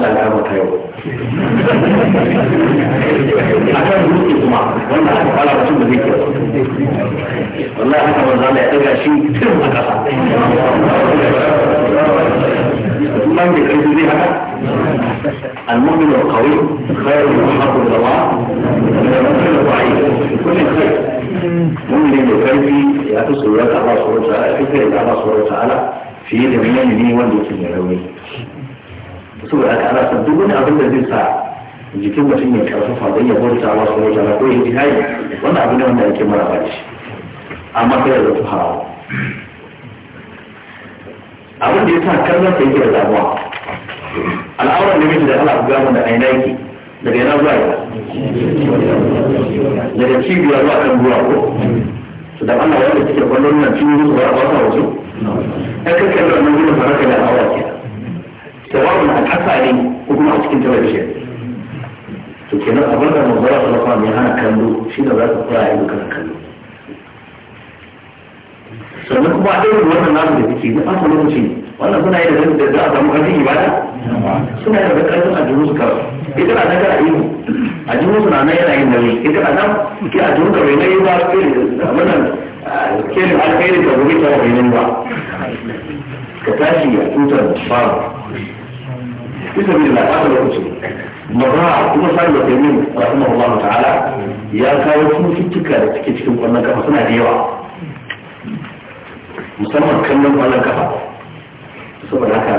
Allah ya rubuta yau a kan dutse kuma wannan aka fara mutum da zai kyau wallahi haka wanda Allah ya daga shi tun a kasa man da karfi zai haka المؤمن القوي خير وحق الله ومن الضعيف كل خير مؤمن الكرفي يأتي سورة الله سبحانه وتعالى فكرة الله سبحانه وتعالى في يد من يمني والدكتور العلوي saboda haka ana son duk wani abin da zai sa jikin mutum ya karfafa don ya bauta wa su wata na koyi yi wannan abin da wanda ake mara baci amma kai da zafi hawa abin da ya sa kallon sa yake da damuwa al'auran da mace da ala buga gama da aina yake daga yana zuwa yana daga cibiya zuwa kan ruwa ko su da Allah wanda suke kwallon nan cikin zuwa ba a wasu ɗan kakkan da wannan gudun fara kai da awa ke sawa'un a ƙasa ne ko kuma a cikin talabijin to kenan abin da manzara sallallahu alaihi hana kallo shi da za ka fara yi kana kallo sannan kuma a ɗaya wannan namu da suke na fasa lokaci wannan suna yin da da za a samu ƙarfin ibada suna yin da ƙarfin a jihu kawai ita na nagara ihu a jihu na nan yana yin nauyi ita na nan ke a jihu kawai na yi ba wannan kelin alkhairi ka gobe ta wa bai nan ba ka tashi a tutar fara bisa bin na kasa lokaci Maza kuma sa'in da taimin rahimahullahu ta'ala ya kawo cututtuka da suke cikin kwallon kafa suna da yawa musamman kallon kwallon kafa saboda haka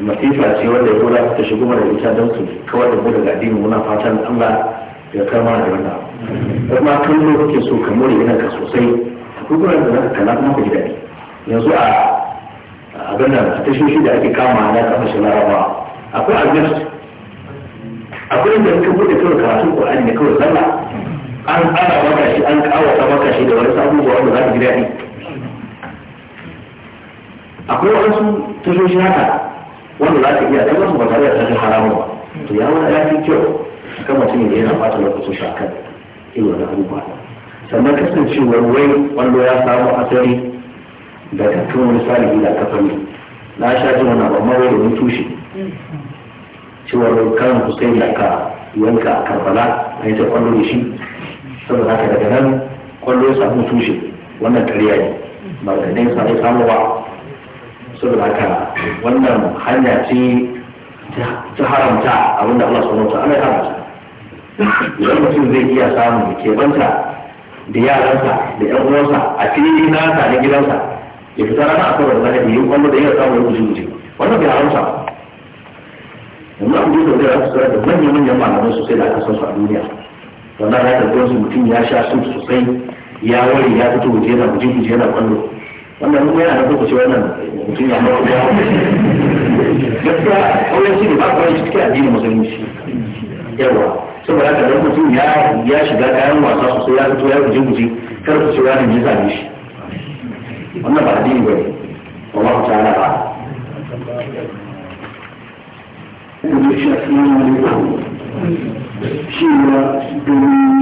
masifa ce wanda ya kula ta shigo mana ita don su kawar da mu daga addini muna fatan Allah ya kama da wannan kuma kallo kake so ka more yana ka sosai kuma da za ka kalla kuma ka ji daɗi yanzu a abin ta tashoshi da ake kama na kasashen laraba akwai aljansu akwai inda suka bude kawai karatun ƙwararri da kawai zalla an ƙara maka shi an ƙawata maka shi da wani abubuwa wanda za ka ji daɗi akwai wasu tashoshi haka wanda za ka iya tabbas ba tare da tashin haramun ba to ya wani ya fi kyau kan mutum da yana fata lokacin shi akan irin wani abubuwa sannan kasancewar wai wanda ya samu asali da tattun wani salihi da kafa ne na sha ji wani abu mawai da mutushi cewar karin kusai da ka yanka a karbala a yi ta kwallo da shi saboda haka daga nan kwallo ya samu tushe wannan kariya ne ba da ne sa ya samu ba saboda haka wannan hanya ce ta haramta abinda Allah subhanahu wa ana yi haramta idan mutum zai iya samun kebanta da yaransa da yan uwansa a cikin nasa na gidansa ya fita rana a kawai zai biyu wanda da yawa samun guje guje wannan bai haramta Wannan abu da zai rasu da manyan manyan malamai sosai da aka san su a duniya wannan ya karɓi wasu mutum ya sha su sosai ya wari ya fito waje yana guje guje yana kwallo wannan mun yana da lokaci wannan mutum ya mawa ya gaskiya kauyen shi ne ba kawai cikin addinin musulunci yawa saboda haka dan mutum ya shiga kayan wasa sosai ya fito ya guje guje kar ku ce wani ne zane shi wannan ba addini ba ne wallahu ta'ala ba in da shi a cikin wani shi ne domin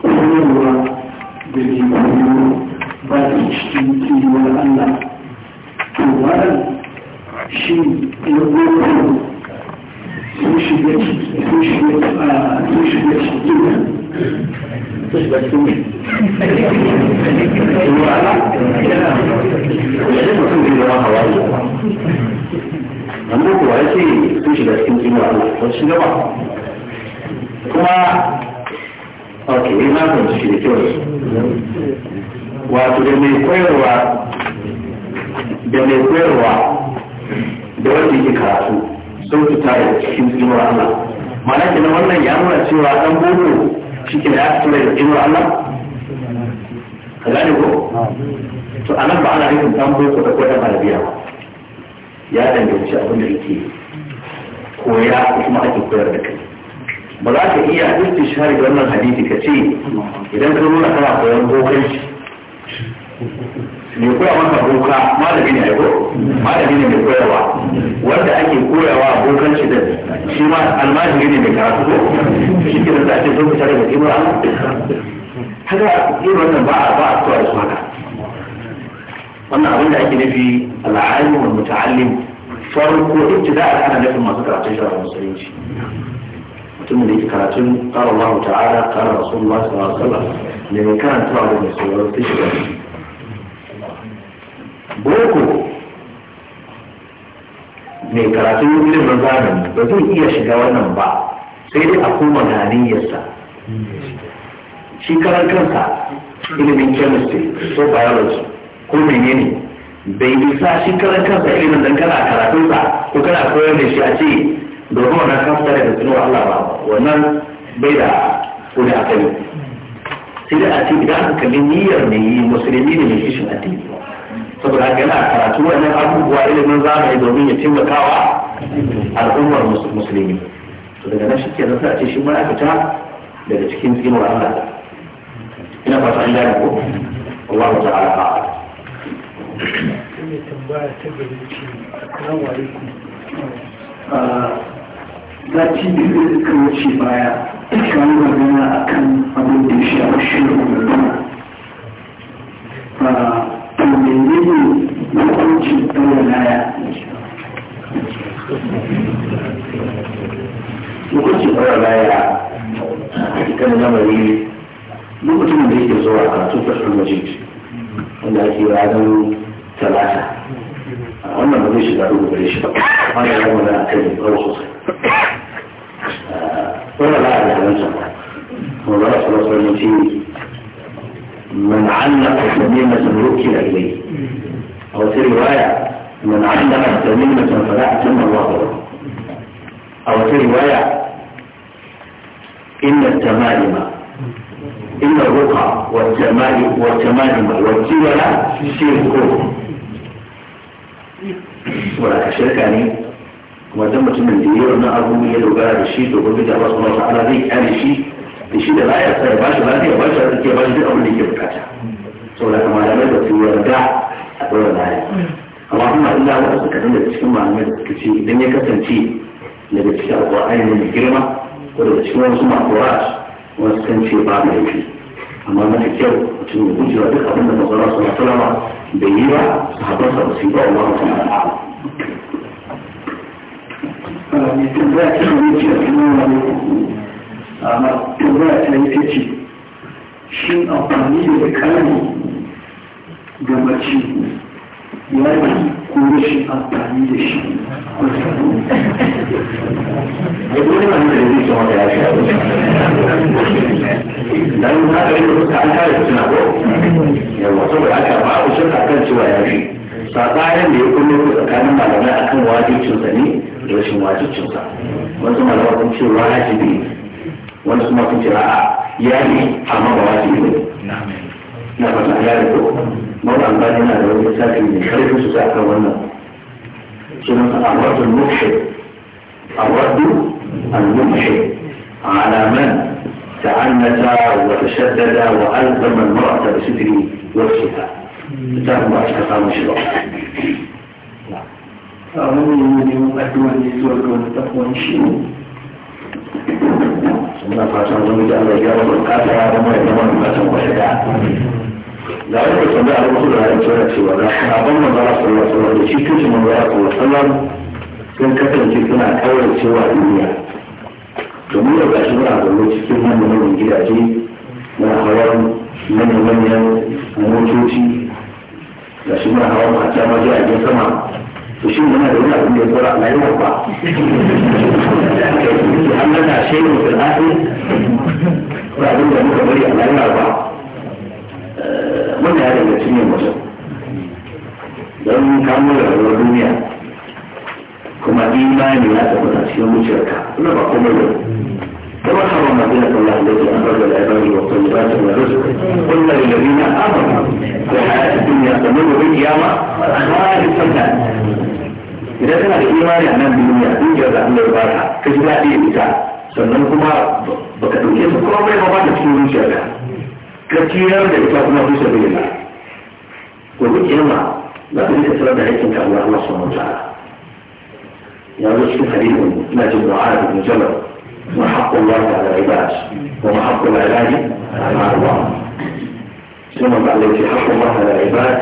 koyarwa da limanin ba da cikin Allah to shi ya sun shiga cikin amma kuwa ya ce sun shiga cikin tsinuwa wasu shiga ba kuma ok na kan shi da kyau da mai koyarwa da mai koyarwa da wanda yake karatu sun fita da cikin tsinuwa Allah ma'ana kenan wannan ya nuna cewa dan bodo shi ke da aka tura da tsinuwar Allah ka gane ko to a nan ba ana yin tambayi ko da ko da malabiya ya danganci abin da yake koya ko kuma ake koyar da kai ba za ka iya istishari da wannan hadisi ka ce idan ka nuna kana koyon bokanci mai koya masa boka malami ne ko malami ne mai koyawa wanda ake koyawa bokan shi din shi ma almajiri ne mai karatu ko shi ke da ake zo fita daga kimar haka irin wannan ba a ba a kowa da su haka wannan abin da ake nufi al'alim wal muta'allim farko ibtida'a ana nufin masu karatun shara musulunci mutumin da yake karatun qala Allah ta'ala qala Rasulullah sallallahu alaihi wasallam ne mai karanta wa da mai sauraron tashi boko mai karatu ilimin zamani ba zai iya shiga wannan ba sai dai a koma na niyyarsa shi karan kansa ilimin chemistry so biology ko menene bai isa shi karan kansa ilimin dan kana karatunsa ko kana koyar da shi a ce domin wannan kafta da tsinuwa Allah ba wannan bai da kuli a kai sai dai a ce idan aka kalli niyyar ne musulmi ne mai kishin addini saboda haka yana karatu wani abubuwa ilimin zamani domin ya taimakawa al'ummar musulmi to daga nan shi ke nasa ce shi ma'aikata daga cikin tsinuwar Allah ina fata an gane ko Allah ta'ala ba ci biyu da suka wuce baya kan magana akan abin da ya a shirin magana تعالى lokacin kawai baya a cikin zamani lokacin da yake zuwa a tufar almajid wanda ake ranar talata wannan ba zai shiga rubu gare shi ba wani ya zama da aka yi tsawo sosai wani ba a da halatta ba ba a tsawon tsawon ce من علق كلمة ركن إليه أو في رواية من علم التميمة فلا أتم الله له أو في رواية إن التمائم إن الرقى والتمائم والتمائم والتولى شرك ولا شرك يعني wajen mutumin da yi wannan abu ya dogara da shi domin da wasu wasu ala zai kyale shi da shi da baya sa ya ba shi lafiya ba shi arziki ba shi duk abin da ke bukata saboda kamar da mai da su yarda a ɗora lafiya amma kuma illa wasu kaɗan daga cikin malamai da ce idan ya kasance daga cikin alƙur'ani ne mai girma ko daga cikin wasu maƙurat wasu kan ce ba mai laifi amma mafi kyau mutum ya guje wa duk abin da mazaura su masu lama bai yi ba su haɓar sa ba su yi ba wa mutum na ɗa'a. tambaya ta yi ce ta ce shin amfani da kayan ga mace yayi ko rashin amfani da shi dan na ga yadda ta an kare suna Ya yawa saboda haka ba ku shirka kan cewa ya fi sabayan da ya kullu tsakanin malamai akan wajibcinsa ne da rashin wajibcinsa wasu malamai sun ce wajibi wanda kuma sun ce a'a ya yi amma ba wajibi ne na fata ya riko مولا albani yana da wani lissafi mai karfin su sa kan wannan sunan sa arwadul mubshir arwadu al-mubshir ala man تعنت وتشدد وألزم المرأة بستر وجهها كتاب الله استقام شرعه أعوذ بالله من الشيطان Muna fatan zama da Allah ya rabu kasa ya zama ya zama da kasan wasu da da wani yi sanda a wasu da ya kira cewa da sahabban manzara sallallahu alaihi wasallam da shi kanshi manzara sallallahu alaihi sun kasance suna kawar cewa duniya domin da gashi muna zaune cikin manyan manyan gidaje na hawan manyan manyan motoci da shi muna hawan mata ma sama to shi muna da wani abin da ya tsora a layuwar ba an nana shehu da nafi ba abin da muka bari a layin ba wannan ya daga cikin mutum don kamo da rayuwar duniya kuma imani ya tabbata cikin zuciyarka ina ba kuma yau كما حرم مدينة الله التي أخرج العباد والطيبات والرزق قل للذين آمنوا في حياة الدنيا تمر بالقيامة خالصة إذا كان الإيمان يعمل بالدنيا يوجد أن يبارها كجلاء إيمان sannan kuma baka ɗauke su kuma bai ba da cikin zuciyarka ka ciyar da ita kuma fi sabi da gobe kiyama za ka rika tsirar da aikin ka Allah Allah subhanahu ta'ala ya zo cikin hadisin ina jin mu'ara ibn jabal ma haqqu Allah ta'ala ibad wa ma haqqu al-ibad ala Allah sai man Allah ya haqqu Allah ala ibad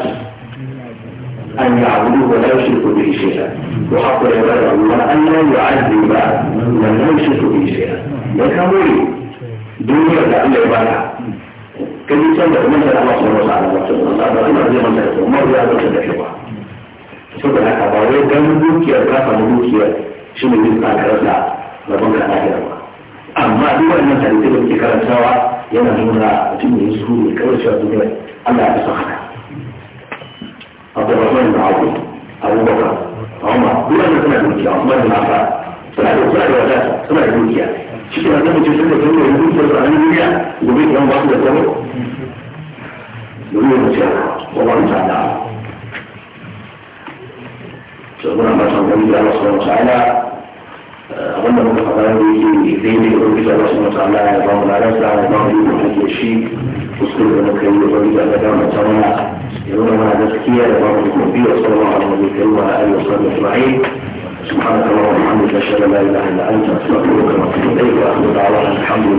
أن يعبدوه ولا يشركوا به شيئا وحق العباد الله أن لا يعذب من لا يشرك به شيئا ده كمولي دون يبدأ العبادة كل شيء من شاء الله سبحانه وتعالى الله زي ما انت ما هو هذا الشيء saboda haka ba wai dan dukiyar ka samu dukiyar shi ne bin tsakarsa rabon ka ta ba amma duk wannan hadisi da muke karantawa yana nuna mutum ne su ne kawai shi a duniya Allah ya san haka Abdurrahman bin Abu Abubakar Umar duk wannan suna dukiya Umar bin Affan suna da suna da wadata suna da dukiya shi ne wata mace suka tsaye da duk da tsarin duniya gobe kan ba su da tsaro duniya ta ce ko ba ta da saboda ba san gani da Allah subhanahu ta'ala abin da muka faɗa ne yake daidai da rubuta Allah subhanahu ta'ala ya ba mu ladan sa ya ba mu yi da kake shi kuskure da muka yi da rubuta da dama ta mana ya nuna mana gaskiya da ba mu kuma biyu sallallahu alaihi wa sallam wa alihi wa sallam سبحانك اللهم وبحمدك اشهد ان لا اله الا انت استغفرك واتوب اليك واخر دعوانا الحمد لله